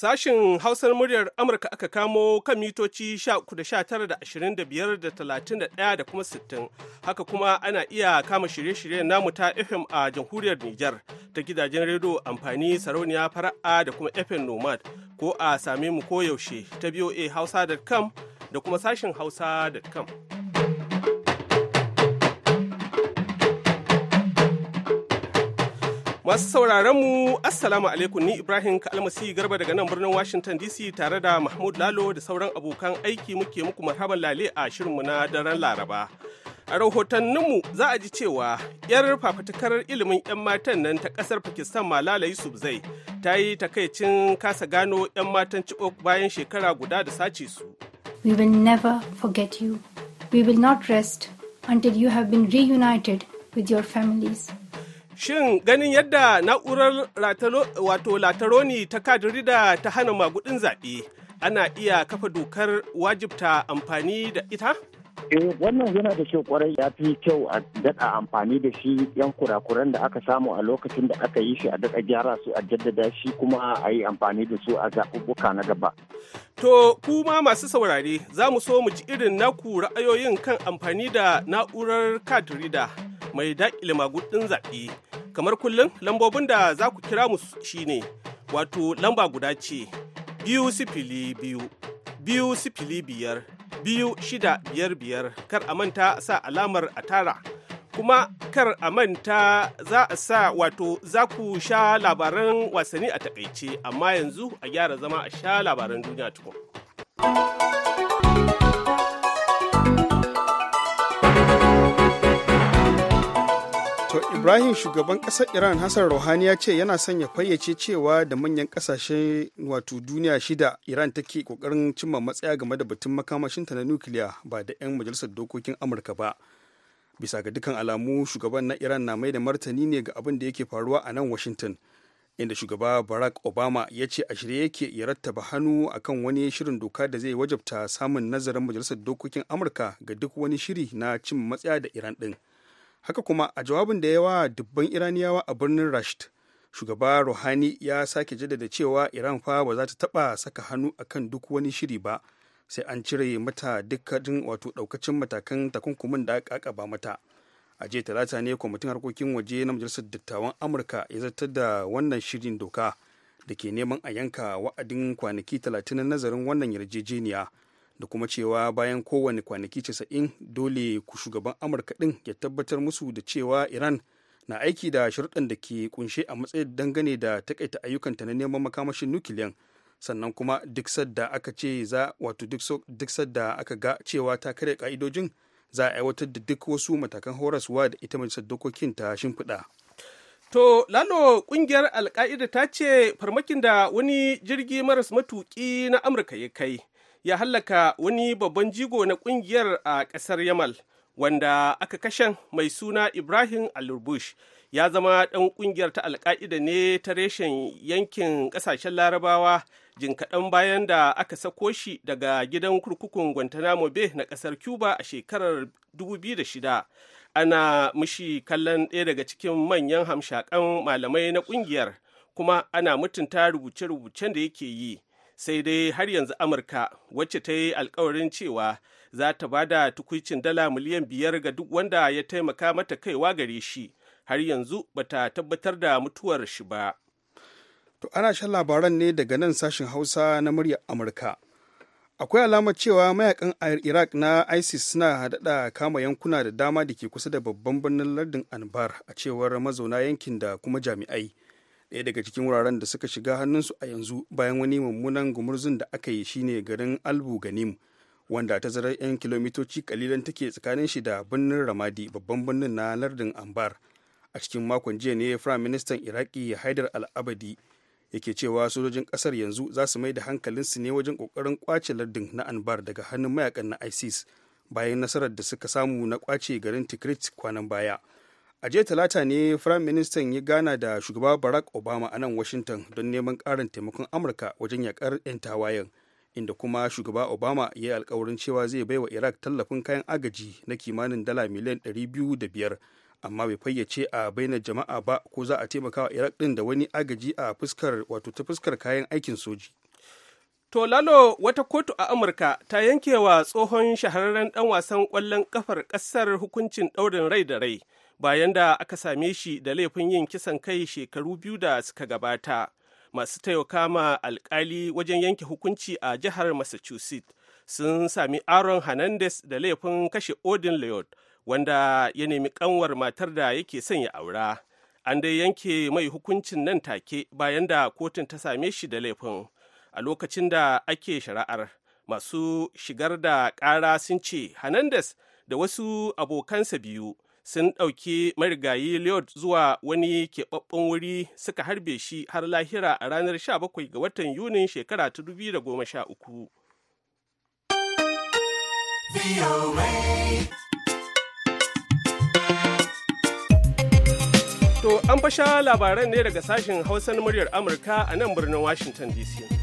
Sashen Hausar muryar Amurka aka kamo kan mitoci 13 da 25 da 31 da kuma 60. Haka kuma ana iya kama shirye-shiryen namu ta FM a jamhuriyar Nijar ta gidajen rediyo amfani sarauniya fara'a da kuma FM Nomad ko a same mu koyaushe ta BOA Hausa.com da kuma sashen Hausa.com. Wasu sauraron mu Assalamu alaikum ni Ibrahim Kalmasi Garba daga nan birnin Washington DC tare da Mahmud Lalo da sauran abokan aiki muke muku marhaban lale a shirinmu na daren Laraba. A rahotanninmu za a ji cewa 'yar fafatakar ilimin 'yan matan nan ta ƙasar Pakistan Malala Yusufzai ta yi takaicin kasa gano 'yan matan Chibok bayan shekara guda da sace su. We will never forget you. We will not rest until you have been reunited with your families. Shin ganin yadda na'urar wato lataroni ta kadiri da ta hana magudin zaɓe ana iya kafa dokar wajibta amfani da ita? eh wannan yana da kyau kwarai ya fi kyau a daɗa amfani da shi yan kurakuran da aka samu a lokacin da aka yi shi a daɗa gyara su a jaddada shi kuma a yi amfani da su a zaɓuɓɓuka na gaba. To kuma masu saurare za mu so mu ji irin naku ra'ayoyin kan amfani da na'urar card reader mai daƙile magudin zaɓe. Kamar kullum lambobin da za ku kira mu shine wato lamba guda ce biyu sifili biyu biyu sifili biyar biyu shida biyar biyar kar a manta a sa alamar a tara kuma kar a manta za a sa wato za ku sha labaran wasanni a takaice amma yanzu a gyara zama a sha labaran duniya tukun. Ibrahim shugaban kasar Iran Hassan Rouhani ya ce yana son ya fayyace cewa da manyan kasashen wato duniya shida Iran take kokarin cimma matsaya game da batun makamashinta na nukiliya ba da 'yan majalisar dokokin Amurka ba. Bisa ga dukkan alamu shugaban na Iran na mai da martani ne ga abin da yake faruwa a nan Washington. Inda shugaba Barack Obama ya ce a shirye yake ya rattaba hannu akan wani shirin doka da zai wajabta samun nazarin majalisar dokokin Amurka ga duk wani shiri na cin matsaya da Iran din. haka kuma a jawabin da ya yawa dubban iraniyawa a birnin rasht shugaba rohani ya sake jaddada cewa iran fa ba za ta taba saka hannu akan duk wani shiri ba sai an cire mata dukkanin wato daukacin matakan takunkumin da aka ba mata a je talata ne kwamitin harkokin waje na majalisar dattawan amurka ya zartar da wannan shirin doka da ke neman a yanka wa'adin kwanaki talatin na nazarin wannan yarjejeniya da kuma cewa bayan kowane kwanaki 90 dole ku shugaban amurka din ya tabbatar musu da cewa iran na aiki da sharuɗan da ke kunshe a matsayin dangane da takaita ayyukanta na neman makamashin nukiliyan sannan kuma duk sadda aka ce za wato duk sadda aka ga cewa ta karya ka'idojin za a aiwatar da duk wasu matakan horaswa da ita majalisar dokokin ta shimfiɗa. To, Lalo, kungiyar Alka'ida ta ce farmakin da wani jirgi maras matuki na Amurka ya kai, ya hallaka wani babban jigo na kungiyar a ƙasar yamal wanda aka kashe mai suna ibrahim alurbush ya zama ɗan ƙungiyar ta alka'ida ne ta reshen yankin ƙasashen larabawa jin bayan da aka sako shi daga gidan kurkukun guantanamo bay na ƙasar cuba a shekarar 2006 ana mushi kallon ɗaya daga cikin manyan hamshakan malamai na ƙungiyar kuma ana mutunta rubuce-rubucen da yake yi sai dai har yanzu amurka wacce ta yi alkawarin cewa za ta ba da tukuicin dala miliyan biyar ga duk wanda ya taimaka mata kaiwa gare shi har yanzu bata tabbatar da mutuwar shi ba to ana shan labaran ne daga nan sashen hausa na muryar amurka akwai alamar cewa mayakan iraq na isis suna haɗaɗa kama yankuna da dama da ke kusa da babban birnin lardin anbar a cewar mazauna yankin da kuma jami'ai ɗaya daga cikin wuraren da suka shiga hannunsu a yanzu bayan wani mummunan gumurzun da aka yi shine garin albu ganim wanda tazarar 'yan kilomitoci kalilan take tsakanin shi da birnin ramadi babban birnin na lardin ambar a cikin makon jiya ne firayim ministan iraki haidar al'abadi yake cewa sojojin kasar yanzu za su mai da hankalinsu ne wajen kokarin kwace lardin na anbar daga hannun mayakan na isis bayan nasarar da suka samu na kwace garin tikrit kwanan baya a jiya talata ne firayim ministan ya gana da shugaba barack obama a nan washington don neman ƙarin taimakon amurka wajen yakar 'yan tawayen inda kuma shugaba obama ya yi alkawarin cewa zai bai wa iraq tallafin kayan agaji na kimanin dala miliyan 205 amma bai fayyace a bainar jama'a ba ko za a taimaka wa iraq din da wani agaji a fuskar wato ta fuskar kayan aikin soji To Lalo wata kotu a Amurka ta yanke wa tsohon shahararren dan wasan kwallon ƙafar ƙasar hukuncin daurin rai da rai bayan da aka same shi da laifin yin kisan kai shekaru biyu da suka gabata masu taimaka ma alkali wajen yanke hukunci a jihar massachusetts sun sami aaron hernandez da laifin kashe odin leod wanda ya nemi kanwar matar da yake son ya aura an dai yanke mai hukuncin nan take bayan da kotun ta same shi da laifin a lokacin da ake shari'ar masu shigar da ƙara sun ce hernandez da wasu abokansa biyu sun ɗauki marigayi Lod zuwa wani keɓaɓɓen wuri suka harbe shi har lahira a ranar 17 ga watan Yunin shekara ta 2013. To an fasha labaran ne daga sashen hausan muryar Amurka a nan birnin Washington DC.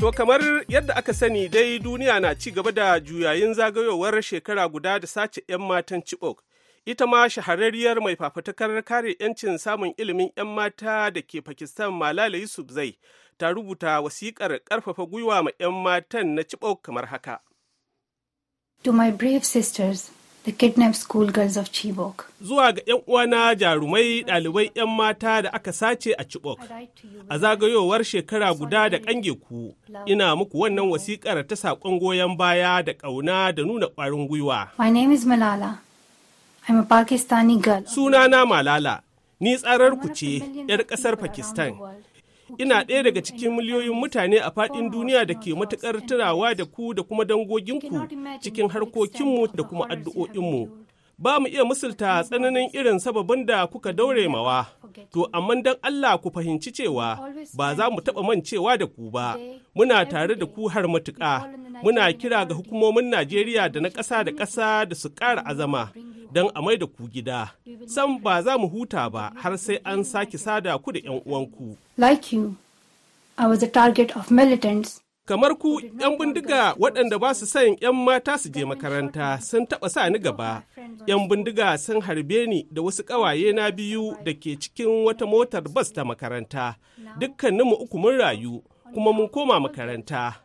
To kamar yadda aka sani dai duniya na ci gaba da juyayin zagayowar shekara guda da sace 'yan matan Chibok. Ita ma shahararriyar mai fafatakar kare 'yancin samun ilimin 'yan mata da ke Pakistan Malala Yusuf Zai ta rubuta wasiƙar ƙarfafa gwiwa ma 'yan matan na Chibok kamar haka. To my brave sisters, the School schoolgirls of Chibok. Zuwa ga 'yan uwana jarumai ɗalibai 'yan mata da aka sace a Chibok. A zagayowar shekara guda da ƙange ku, ina muku wannan wasiƙar ta saƙon goyon baya da ƙauna da nuna ƙwarin gwiwa. My name is Malala. I'm a Pakistani girl. Sunana Malala. Ni tsarar ku ce, 'yar ƙasar Pakistan. Ina ɗaya daga cikin miliyoyin mutane a faɗin duniya da ke matuƙar tunawa da ku da kuma dangoginku cikin harkokinmu da kuma addu'o'inmu. ba mu iya musulta tsananin irin sababin da kuka daure mawa, to amma don Allah ku fahimci cewa ba za mu taɓa mancewa da ku ba, muna tare da ku har matuƙa, muna kira ga hukumomin Najeriya da na ƙasa da ƙasa da su ƙara azama don a mai da ku gida. Sam ba za mu huta ba har sai an sake sada ku da 'yan uwanku. Like you, was the target of militants kamar ku 'yan bindiga waɗanda ba su son 'yan mata su je makaranta sun taɓa sa ni gaba 'yan bindiga sun harbe ni da wasu ƙawaye na biyu da ke cikin wata motar bas ta makaranta dukkaninmu uku mun rayu kuma mun koma makaranta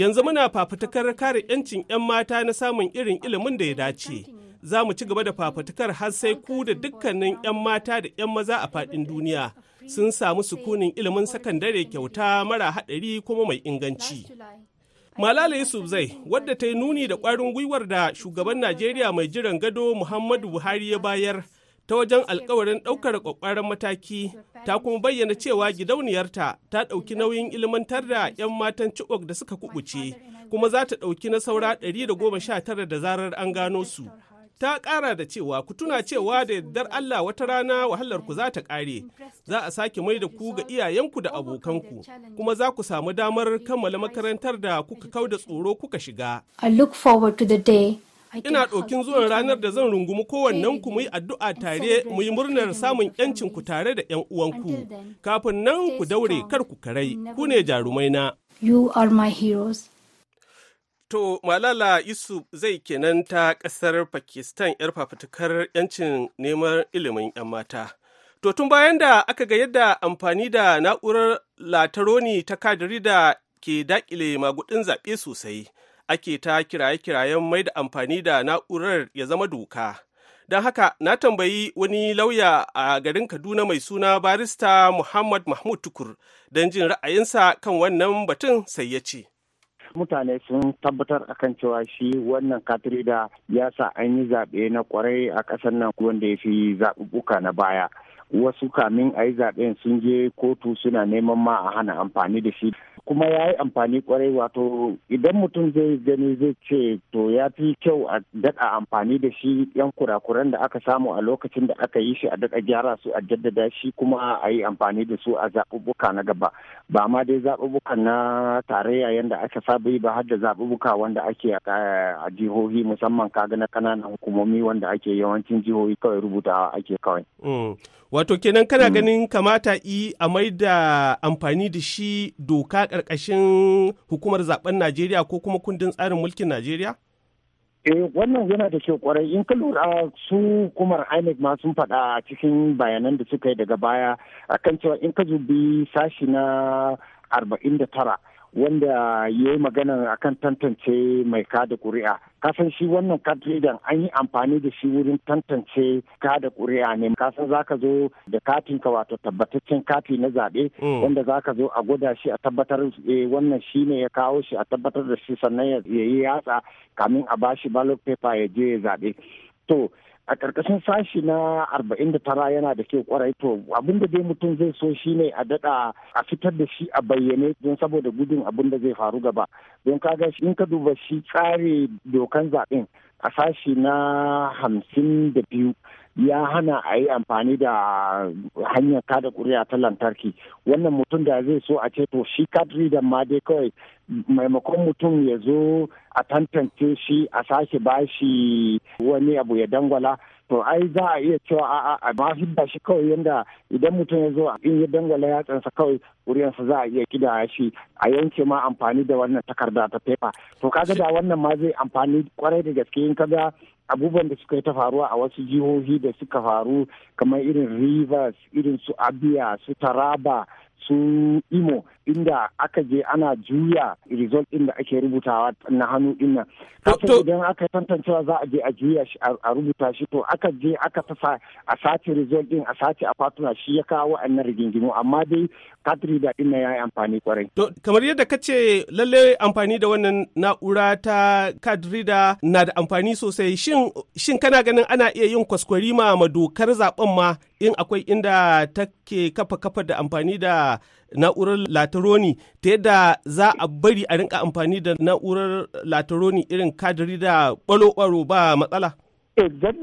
yanzu muna fafutukar kare 'yancin 'yan mata na samun irin ilimin da ya dace za mu ci gaba da fafutukar har sai ku da dukkanin 'yan mata da 'yan maza a faɗin duniya sun samu sukunin ilimin sakandare kyauta mara haɗari kuma mai inganci. Malala zai, wadda ta yi nuni da ƙwarin gwiwar da shugaban Najeriya mai jiran gado Muhammadu Buhari ya bayar ta wajen alkawarin ɗaukar ƙwaƙwaran mataki ta kuma bayyana cewa gidauniyarta ta ɗauki nauyin ilmantar da 'yan matan cikok da suka kubuce kuma za ta ɗauki na saura 119 da zarar an gano su. ta ƙara da cewa ku tuna cewa da yardar Allah wata rana wahalar ku za ta ƙare za a sake mai da ku ga iyayenku da abokanku kuma za ku samu damar kammala makarantar da kuka kau da tsoro kuka shiga. ina ɗokin zuwan ranar da zan rungumi kowannen ku muyi addu'a tare muyi murnar samun yancin ku tare da yan uwanku kafin nan ku daure kar ku karai ku ne jarumai na you are my heroes To Malala Yusuf zai kenan ta ƙasar Pakistan 'yar fafutukar 'yancin neman ilimin 'yan mata. To tun bayan da aka ga yadda amfani da na'urar lataroni ta kadiri da ke dakile magudin zaɓe sosai, ake ta kiraye-kirayen mai da amfani da na'urar ya zama doka. Don haka na tambayi wani lauya a garin Kaduna mai suna barista Muhammad Mahmud Tukur don jin ra'ayinsa kan wannan batun sai ya ce. mutane sun tabbatar akan cewa shi wannan katrida ya sa an yi zaɓe na kwarai a ƙasar nan wanda ya fi zaɓuɓɓuka na baya wasu kamin a yi zaɓen sun je kotu suna neman ma a hana amfani da shi kuma ya yi amfani kwarai wato idan mutum zai gani zai ce to ya fi kyau a daɗa amfani da shi yan kurakuran da aka samu a lokacin da aka yi shi a daɗa gyara su a jaddada shi kuma a yi amfani da su a zaɓuɓɓuka na gaba ba ma dai zaɓuɓɓuka na tarayya yadda aka saba yi ba har da zaɓuɓɓuka wanda ake eh, a jihohi musamman kaga na kananan hukumomi wanda ake yawancin jihohi kawai rubutawa ake kawai. Mm. Wato kenan kana mm. ganin kamata yi a maida amfani da shi doka ƙarƙashin hukumar zaben Najeriya ko kuma kundin tsarin mulkin Najeriya? Eh wannan yana da kyau kwarai in ka lura su hukumar INEC ma sun faɗa a cikin bayanan da suka yi daga baya akan cewa in ka zubi sashi na arba'in da tara wanda ya yi magana a kan tantance mai kada kuri'a kasan shi wannan katridan an yi amfani da shi wurin tantance kada kuri'a ne kasan za ka zo da katinka wato tabbataccen kati na zaɓe mm. wanda za ka zo a gwada shi a tabbatar eh, wannan shi ne ya kawo shi a tabbatar da shi sannan ya yi yatsa kamin a bashi ballot paper ya je ya zaɓe to a ƙarƙashin sashi na arba'in da tara yana da ke kwarai to abin da dai mutum zai so shi ne a daɗa a fitar da shi a bayyane don saboda gudun abin da zai faru gaba don kaga in ka duba shi tsari dokan zaɓen a sashi na hamsin da biyu ya hana a yi amfani da hanyar kada kuri'a ta lantarki wannan mutum da zai so a ce to shi kadri da ma dai kawai maimakon mutum ya zo a tantance shi a sake bashi wani abu ya dangwala to ai za a iya cewa a a ma hidda shi kawai yanda idan mutum ya zo in ya dangwala ya tsansa kawai wuriyansa za a iya kida shi a yanke ma amfani da wannan takarda ta fefa to kaga da wannan ma zai amfani kwarai da gaske in kaga abubuwan da suka yi ta faruwa a wasu jihohi da suka faru kamar irin rivers irin su abia su taraba su imo inda aka je ana juya result din da ake rubutawa na hannu din nan kafin idan aka tantancewa za a je a juya shi a rubuta shi to aka je aka tafa a sace result din a sace a fatuna shi ya kawo wa'annan rigingimu amma dai katri da din ya yi amfani kwarai to kamar yadda ka ce lalle amfani da wannan na'ura ta kadrida na da amfani sosai shin shin kana ganin ana iya yin kwaskwari ma dokar zaben ma in akwai inda take kafa kafa da amfani da da na'urar lataroni ta yadda za a bari a rinka amfani da na'urar lataroni irin kadiri da balo-balo ba matsala?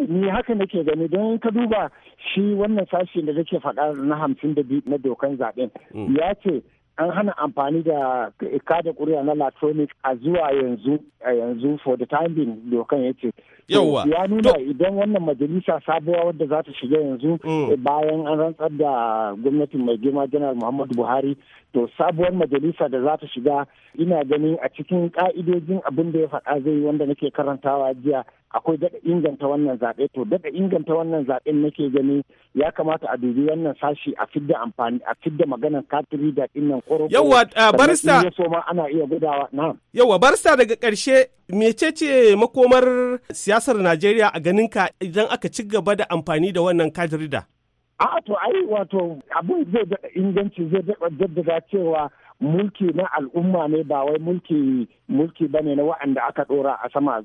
ni haka nake gani don ka duba shi wannan sashi da nake faɗa na hamsin da biyu na dokan zaɓen mm. ya ce an hana amfani da kada kuri'a na latronic a zuwa yanzu a yanzu for the time being dokan ya ce ya nuna idan wannan majalisa sabuwa wadda za ta shiga yanzu mm. bayan an rantsar da gwamnatin mai girma janar muhammadu buhari to sabuwar majalisa da za ta shiga ina ganin a cikin ka'idojin abin da ya faɗa zai wanda nake karantawa jiya akwai daga inganta wannan zaɓe to daga inganta wannan zaɓen nake gani ya kamata a dubi wannan sashi a fidda amfani a fidda maganar katiri da ɗinnan korofo yawa uh, barista ana iya gudawa na yawa barista daga ƙarshe mecece makomar siyasar Najeriya a ganin ka idan aka ci gaba da amfani da wannan katirida? A'a to ai wato abin zai daɗa inganci zai daɗa cewa mulki na al'umma ne ba wai mulki mulki ba ne na wa'anda aka ɗora a sama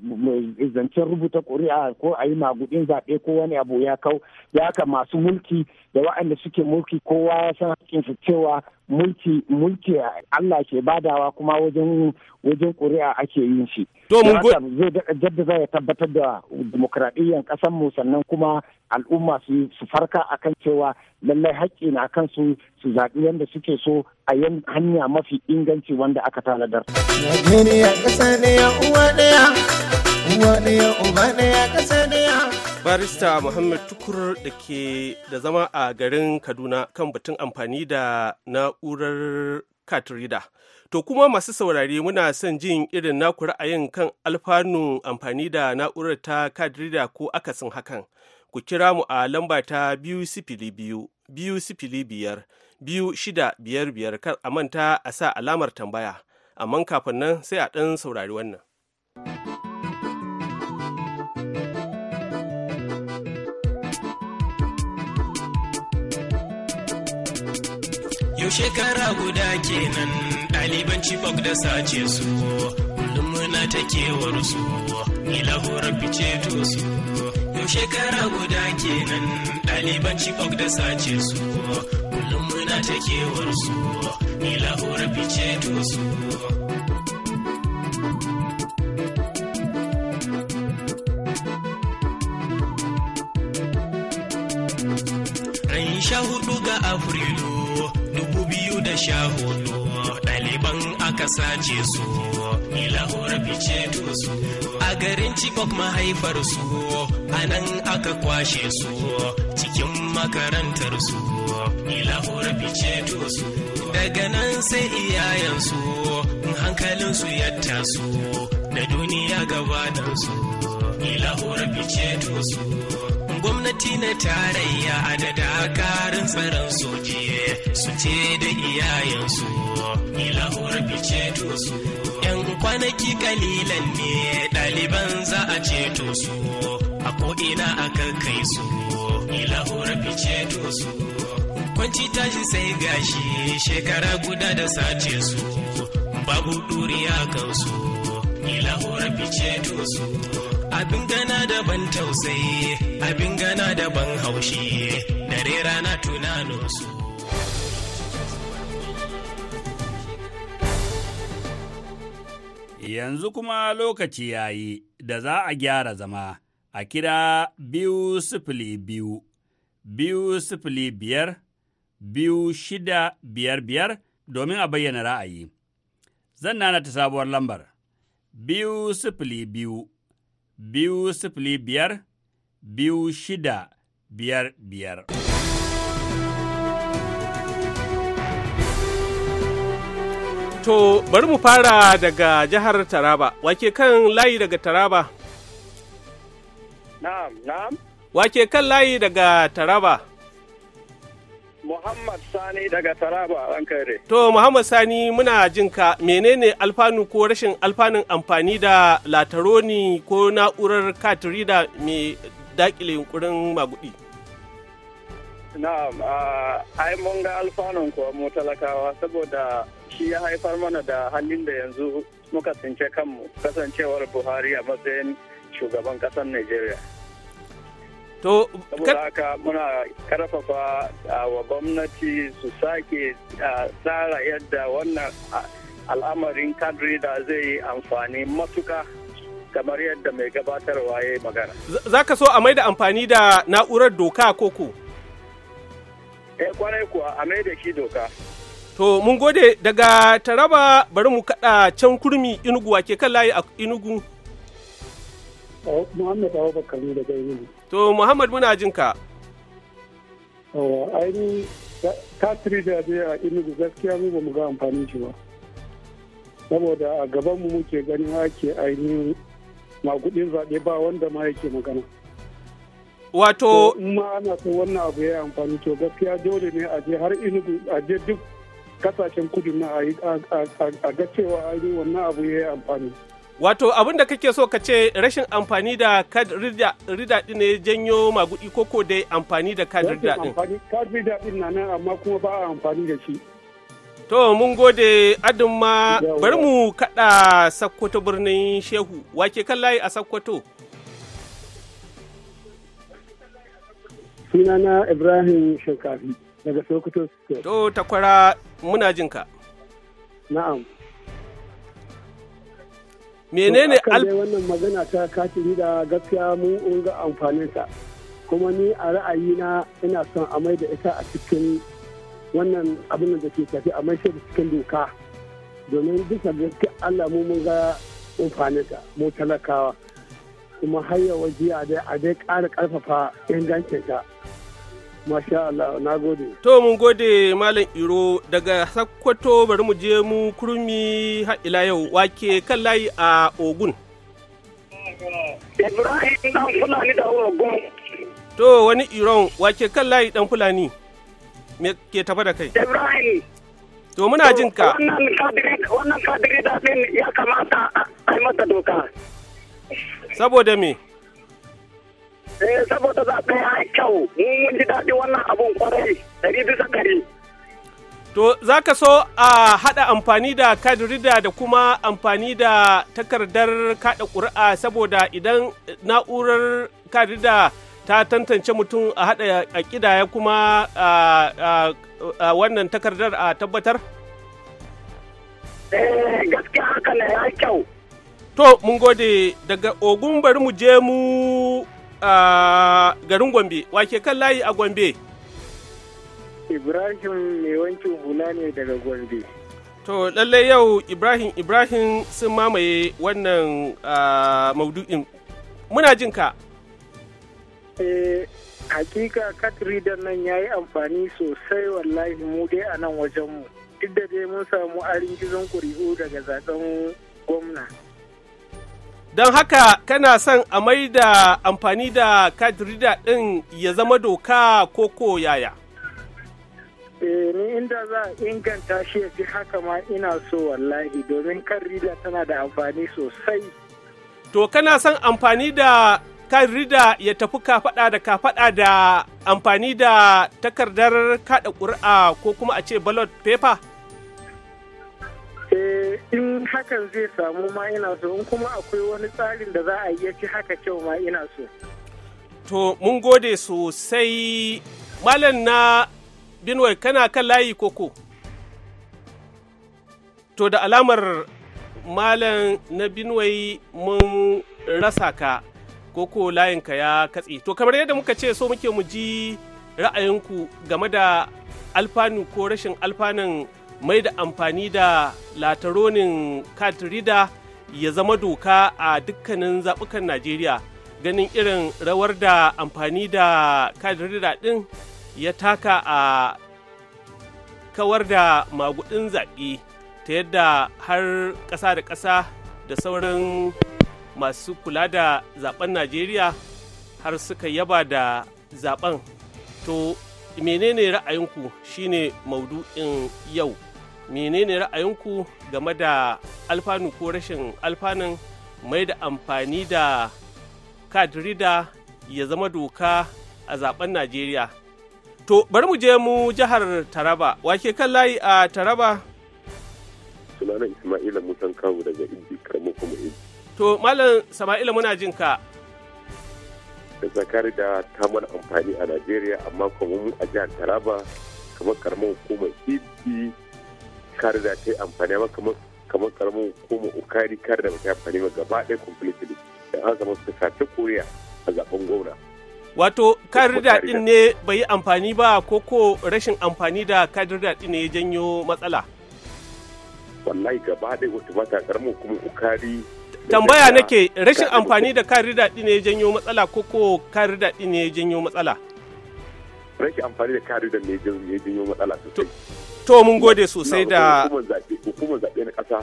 zancen rubuta ƙuri'a ko a yi magudin zaɓe ko wani abu ya kau ya haka masu mulki da wa'anda suke mulki kowa ya san hakinsu cewa mulki mulki Allah ke badawa kuma wajen wajen ƙuri'a ake yin shi. To mun go zai jaddada ya tabbatar da demokradiyyar ƙasar mu sannan kuma al'umma su su farka akan cewa lallai haƙƙi na kan su su zaɓi yanda suke so a yan hanya mafi inganci wanda aka tanadar. Najeriya ƙasa ɗaya uwa ɗaya uwa ɗaya uba ɗaya ƙasa ɗaya. barista muhammad tukur da ke da zama a garin kaduna kan batun amfani da na'urar katrida to kuma masu saurari muna son jin irin naku ra'ayin kan alfanu amfani da na'urar ta katrida ko akasin hakan ku kira mu a lamba ta biyu sifili biyu biyu sifili biyar biyu shida biyar biyar kar a manta a sa alamar tambaya amma kafin nan sai a ɗan saurari wannan. yau shekara guda kenan ɗaliban chibok da sace su kullum muna ta kewar su ni lahorar fice to su yau shekara guda kenan ɗaliban chibok da sace su kullum muna ta kewar su ni lahorar fice to su Ran sha hudu ga Afrilu sha hono ɗaliban aka sace su ilahura fice su a garin chibok mahaifar su a nan aka kwashe su cikin makarantar su ilahura fice su daga nan sai iyayensu hankalin su ya taso da duniya gabatar su ilahura fice su gwamnati na tarayya a da dakarun tsaron soji su ce da iyayensu ila fice to su yan kwanaki kalilan ne ɗaliban za a ceto su a ko'ina a kai su ila fice to su kwanci tashi sai gashi shekara guda da sace su babu ɗuriya kansu ila fice to su abin gana da ban tausayi abin gana da ban haushi dare rana tuna su yanzu kuma lokaci ya yi da za a gyara zama a kira biyu sifili biyu biyu sifili biyar biyu shida biyar biyar domin a bayyana ra'ayi zan nana ta sabuwar lambar biyu sifili biyu biyu sifili biyar biyu shida biyar biyar. To bari mu fara daga jihar Taraba, wake kan layi daga Taraba? Na'am, na'am. Wake kan layi daga Taraba? Muhammad Sani daga Taraba Rankare. To Muhammad Sani muna jin ka menene alfanu ko rashin alfanun amfani da lataroni ko na'urar katirida mai dakile yunkurin magudi? Na'am, ah, ai mun ga alfanun kuwa mu talakawa saboda shi ya haifar mana da hannun da yanzu muka tsince kanmu kasancewar Buhari a matsayin shugaban ƙasar nigeria. To, haka muna karfafa wa gwamnati su sake tsara yadda wannan al'amarin kadri da zai amfani matuka kamar yadda mai gabatarwa ya yi magana. Za ka so a mai da amfani da na'urar doka koko? Eh kwarai kuwa a mai da shi doka. To mun gode daga Taraba bari mu kaɗa can kurmi Inugu ke kan layi a Inugu. Eh, Muhammad Abubakar ne daga Inugu. To Muhammad muna jin ka. Eh, Aini katiri da dai a inugu gaskiya mu ba mu ga amfani shi ba. Saboda a gaban mu muke ganin ake ainihin magudin zaɓe ba wanda ma yake magana. Wato. In ma ana so wannan abu ya amfani to gaskiya dole ne a je har inugu a je duk kasashen kudu na a ga cewa ainihin wannan abu ya amfani. Wato abin da kake so ka ce rashin amfani da kad rida din ne janyo magudi koko dai amfani da kad rida din. Kad rida din na nan amma kuma ba a amfani da shi. To mun gode ma bari mu kada Sakkwato birnin Shehu wake kan layi a Sakkwato. Sunana Ibrahim Shinkafi daga Sokoto. To takwara muna jinka. Na'am. menene al wannan magana ta katiri da gaskiya mun ga amfanin kuma ni a ra'ayina ina son a mai da ita a cikin wannan abin da ke tafi a mai da cikin doka domin bisa gaskiya Allah mu mun ga amfanin mu talakawa kuma har yau jiya a dai ƙara ƙarfafa ingancinta Masha Allah, na gode. To, mun gode Malam Iro daga Sakkwato bari mu je mu kurmi ila yau wake kan layi a Ogun. Ibrahim dan Fulani To, wani Iron wake kan layi dan Fulani. Me ke tafa da kai? Ibrahim. To, muna jin ka. Wannan kadiri da ya kamata a yi mata doka. Saboda me? Eh saboda zaɓe ya kyau, mun ji daɗi wannan abun kwarai, dari bisa dari. To za ka so a haɗa amfani da kadirida da kuma amfani da takardar kaɗa ƙuri'a saboda idan na'urar kadirida ta tantance mutum a haɗa a ƙidaya kuma a wannan takardar a tabbatar? Eh gaskiya haka na ya kyau. To mun gode daga ogun bari mu je mu garin Gombe, wake kan layi a Gombe. Ibrahim mai wankin hula ne daga Gombe. To lallai yau Ibrahim Ibrahim sun mamaye wannan maudu'in. Muna jin ka. Eh, hakika da nan ya yi amfani sosai wallahi mu dai a nan wajenmu. Duk da dai mun samu arin gizon ƙuri'u daga zaben gwamna. don haka kana son a mai da amfani da kadrida ɗin ya zama doka ko ko yaya eh, ni inda za a inganta shi ya fi haka ma ina so wallahi domin kan rida tana da amfani sosai to kana son amfani da kan rida ya tafi kafaɗa da kafaɗa da amfani da takardar kaɗa ƙuri'a ko kuma a ce ballot paper eh in hakan zai samu ma ina so in kuma akwai wani tsarin da za a iya ci haka kyau ma ina so to mun gode sosai malam na binwai kana kan layi koko to da alamar malam na binwai mun rasa ka koko layinka ya katse to kamar yadda muka ce so muke mu ji ra'ayinku game da alfanu ko rashin alfanun mai da amfani da lataronin katrida ya zama doka a dukkanin zaɓukan najeriya ganin irin rawar da amfani da katrida din ya taka a kawar da magudin zaɓe ta yadda har ƙasa da ƙasa da sauran masu kula da zaben najeriya har suka yaba da zaben to menene ra'ayinku shine maudu'in yau menene ra'ayinku game da alfanu ko rashin alfanun mai da amfani da kadrida ya zama doka a zaben najeriya to bari mu je mu jihar taraba wake kan layi a taraba sunana ismaila mutan kawo daga inji karamo kuma to malam sama'ila muna jin ka da zakari da ta mana amfani a najeriya amma kuma mu a jihar taraba kamar karamar hukumar inji. kar da ta yi amfani ba kamar kamar karamin hukumar ukari kar da ta amfani ba gaba ɗaya completely da an su ka ta koriya a zaben gwamna. Wato da ɗin ne bai yi amfani ba ko ko rashin amfani da da ɗin ne ya janyo matsala? Wallahi gaba ɗaya wata mata karamin hukumar ukari Tambaya nake rashin amfani da da ɗin ne ya janyo matsala ko ko da ɗin ne ya janyo matsala? rashin amfani da kari da mai janyo matsala sosai. To mun gode sosai da hukumar zaɓe na ƙasa.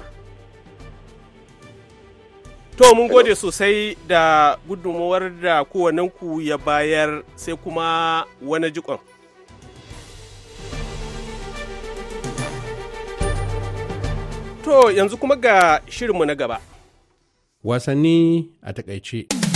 To mun gode sosai da gudunmawar da kowannen ku ya bayar sai kuma wani jikon. To yanzu kuma ga shirinmu na gaba. Wasanni a takaice.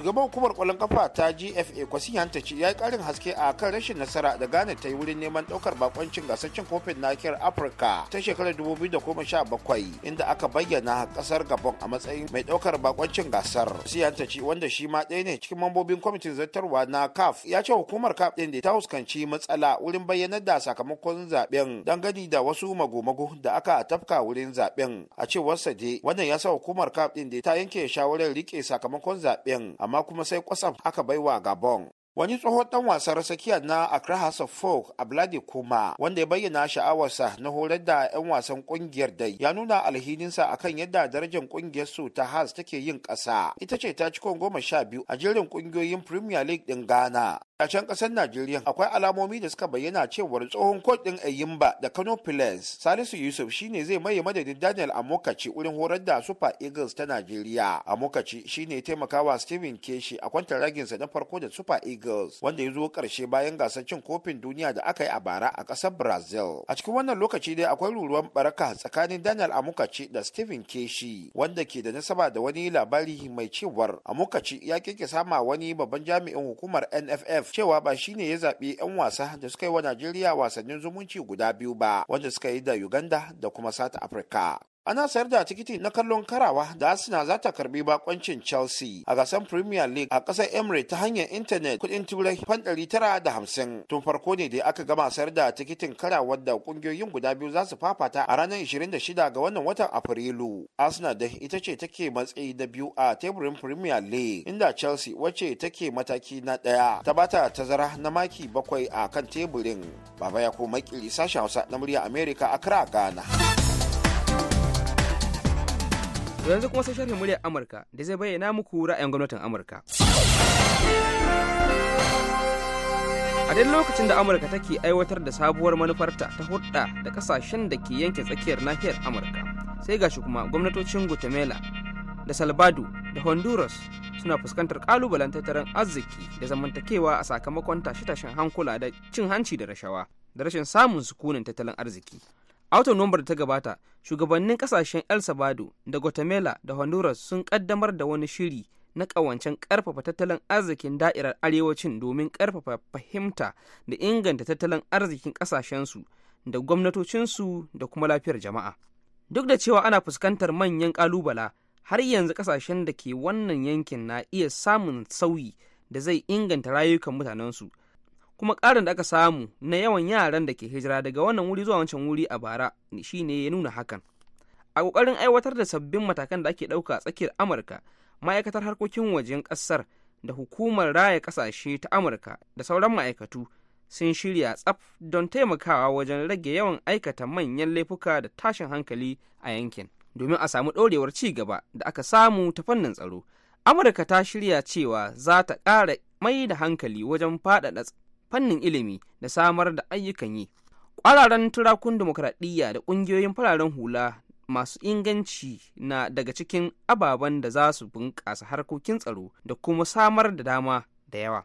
shugaban hukumar kwallon kafa ta gfa kwasi ya yi karin haske a kan rashin nasara da ghana ta yi wurin neman daukar bakoncin gasar cin kofin nakiyar afirka ta shekarar 2017 inda aka bayyana kasar gabon a matsayin mai daukar bakoncin gasar kwasi wanda shi ma ɗaya ne cikin mambobin kwamitin zartarwa na caf ya ce hukumar caf ɗin da ta fuskanci matsala wurin bayyanar da sakamakon zaben dangane da wasu magomago da aka tafka wurin zaben a cewar dai wannan ya sa hukumar caf ɗin da ta yanke shawarar rike sakamakon zaben amma kuma sai kwasam aka baiwa Gabon. Wani tsohon dan wasan rasakiya na Accra House of Folk, Ablade Kuma, wanda ya bayyana sha'awarsa na horar da 'yan wasan kungiyar dai, ya nuna alhininsa akan yadda darajar kungiyar su ta Has take yin ƙasa. Ita ce ta cikon goma sha biyu a jerin kungiyoyin Premier League ɗin Ghana. a can kasar najeriya akwai alamomi da suka bayyana cewar tsohon kot din ayimba da kano pillars salisu yusuf shine zai maye madadin daniel amokaci wurin horar da super eagles ta najeriya amokaci shine taimakawa steven keshi a kwantar raginsa na farko da super eagles wanda ya zo karshe bayan gasar cin kofin duniya da aka yi a bara a kasar brazil a cikin wannan lokaci dai akwai ruruwan baraka tsakanin daniel amokaci da steven keshi wanda ke da nasaba da wani labari mai cewar amokaci ya kike sama wani babban jami'in hukumar nff cewa ba shine ya zaɓi 'yan wasa da suka yi wa Najeriya wasannin zumunci guda biyu ba wanda suka yi da Uganda da kuma South Africa. ana sayar da tikiti na kallon karawa da arsenal za ta karbi bakoncin chelsea a gasar premier league a kasar emirates ta hanyar intanet kudin turai fan ɗari tara da hamsin, tun farko ne da aka gama sayar da tikitin karawar da kungiyoyin guda biyu za su fafata a ranar 26 ga wannan watan afrilu arsenal da ita ce take matsayi na biyu a teburin premier league inda chelsea wacce take mataki na ɗaya ta bata tazara na maki bakwai a kan teburin baba ya ko makili sashen hausa na murya a accra ghana yanzu kuma sai sharhin muryar Amurka da zai bayyana muku ra'ayin gwamnatin Amurka. A duk lokacin da Amurka take aiwatar da sabuwar manufarta ta hudda da kasashen da ke yanke tsakiyar nahiyar Amurka, sai gashi kuma gwamnatocin Guatemala da Salvador da Honduras suna fuskantar kalubalen tattalin arziki da zamantakewa a sakamakon tashe-tashen hankula da cin hanci da rashawa da rashin samun sukunin tattalin arziki. a watan da ta gabata shugabannin kasashen el salvador da guatemala da honduras sun kaddamar da wani shiri na ƙawancen ƙarfafa tattalin arzikin da'irar arewacin domin ƙarfafa fahimta da inganta tattalin arzikin ƙasashensu da gwamnatocinsu da kuma lafiyar jama'a duk da cewa ana fuskantar manyan ƙalubala har yanzu ƙasashen da ke wannan yankin na iya samun sauyi da zai inganta rayukan mutanensu kuma ƙarin da aka samu na yawan yaran da ke hijira daga wannan wuri zuwa wancan wuri a bara shi ne ya nuna hakan a ƙoƙarin aiwatar da sabbin matakan da ake ɗauka a tsakiyar amurka ma'aikatar harkokin wajen ƙasar da hukumar raya ƙasashe ta amurka da sauran ma'aikatu sun shirya tsaf don taimakawa wajen rage yawan aikata manyan laifuka da tashin hankali a yankin domin a samu ɗorewar ci gaba da aka samu ta fannin tsaro amurka ta shirya cewa za ta ƙara mai da hankali wajen faɗaɗa fannin ilimi da samar da ayyukan yi ƙwararren turakun demokradiyya da ƙungiyoyin fararen hula masu inganci na daga cikin ababen da za su bunƙasa harkokin tsaro da kuma samar da dama da yawa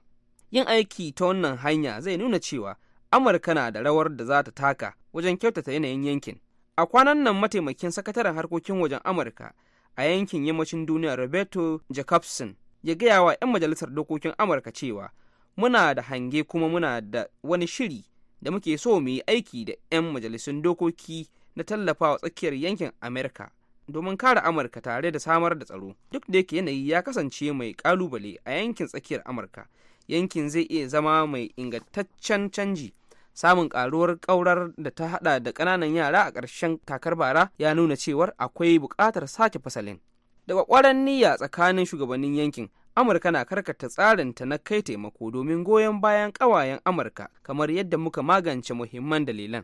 yin aiki ta wannan hanya zai nuna cewa amurka na da rawar da za ta taka wajen kyautata yanayin yankin a kwanan nan mataimakin sakataren harkokin wajen amurka a yankin yammacin duniya roberto jacobson ya gaya wa 'yan majalisar dokokin amurka cewa muna da hange kuma muna da wani shiri da muke so mu yi aiki da 'yan majalisun dokoki na tallafawa tsakiyar yankin Amerika domin kare Amurka tare da samar da tsaro duk da yake yanayi ya kasance mai kalubale a yankin tsakiyar Amurka yankin zai iya zama mai ingantaccen canji samun karuwar kaurar da ta haɗa da ƙananan yara a ƙarshen kakar bara ya nuna cewar akwai buƙatar sake fasalin da kwakwaran niyya tsakanin shugabannin yankin Amurka na karkata tsarinta na kai taimako domin goyon bayan ƙawayen Amurka kamar yadda muka magance muhimman dalilan.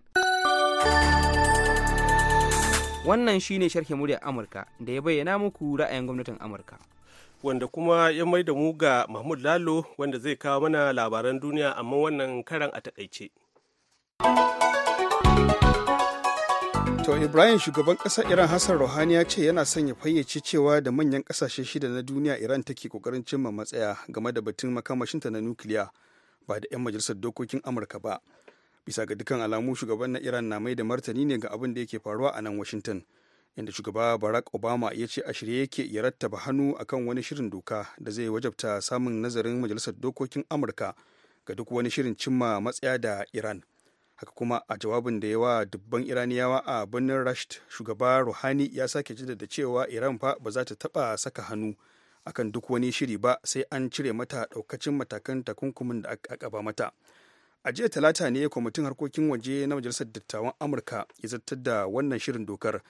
Wannan shine sharhi muryar Amurka da ya bayyana muku ra'ayin gwamnatin Amurka. Wanda kuma ya mai da mu ga Mahmud Lalo wanda zai kawo mana labaran duniya amma wannan karan a takaice. To Ibrahim shugaban ƙasar Iran Hassan Rouhani ya ce yana son ya fayyace cewa da manyan kasashe shida na duniya Iran take kokarin cimma matsaya game da batun makamashinta na nukiliya ba da 'yan majalisar dokokin Amurka ba. Bisa ga dukkan alamu shugaban na Iran na mai da martani ne ga abin da yake faruwa a nan Washington. Inda shugaba Barack Obama ya ce a shirye yake ya rattaba hannu akan wani shirin doka da zai wajabta samun nazarin majalisar dokokin Amurka ga duk wani shirin cimma matsaya da Iran. haka kuma a jawabin da yawa dubban iraniyawa a birnin rasht shugaba ruhani ya sake jaddada cewa iran fa ba za ta taba saka hannu akan duk wani shiri ba sai an cire mata daukacin matakan takunkumin da aka kaba mata a jiya talata ne kwamitin harkokin waje na majalisar dattawan amurka ya zartar da wannan shirin dokar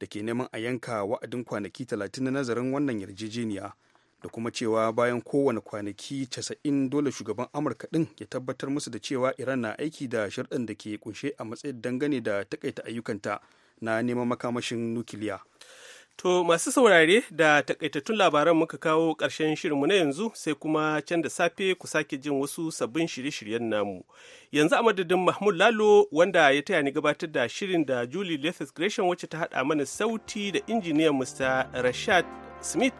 da ke neman a yanka wa'adin kwanaki talatin na nazarin wannan yarjejeniya da kuma cewa bayan kowane kwanaki 90 dole shugaban amurka din ya tabbatar musu da cewa iran na aiki da sharɗin da ke kunshe a matsayin dangane da takaita ayyukanta na neman makamashin nukiliya to masu saurare da takaitattun labaran muka kawo ƙarshen mu na yanzu sai kuma can da safe ku sake jin wasu sabbin shirye-shiryen namu yanzu a madadin mahmud lalo wanda ya taya ni gabatar da shirin da julie lethis gresham wacce ta haɗa mana sauti da injiniyan mr rashad smith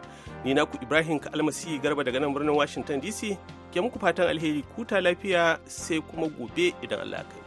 ni naku ibrahim almasihi garba daga nan birnin washington dc ke muku fatan alheri kuta lafiya sai kuma gobe idan allah kai